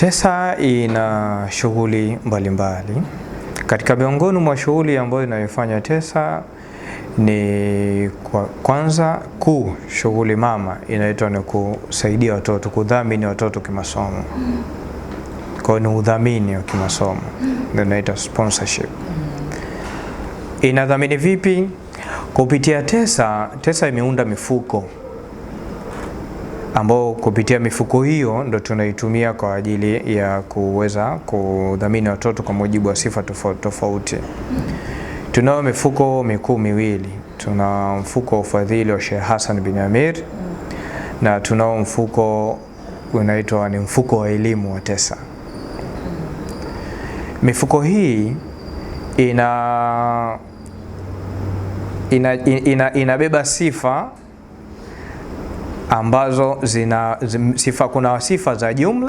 TESA ina shughuli mbalimbali. Katika miongoni mwa shughuli ambayo inayofanya TESA ni kwa kwanza kuu shughuli mama inaitwa ni kusaidia watoto, kudhamini watoto kimasomo. Mm. Kwa hiyo ni udhamini wa kimasomo mm. ndio inaitwa sponsorship. Inadhamini vipi? Kupitia TESA, TESA imeunda mifuko ambao kupitia mifuko hiyo ndo tunaitumia kwa ajili ya kuweza kudhamini watoto kwa mujibu wa sifa tofauti tofauti. Tunayo mifuko mikuu miwili, tuna mfuko wa ufadhili wa Sheikh Hassan bin Amir na tunao mfuko unaitwa ni mfuko wa elimu wa TESA. Mifuko hii ina inabeba ina, ina, ina sifa ambazo zina sifa, kuna sifa za jumla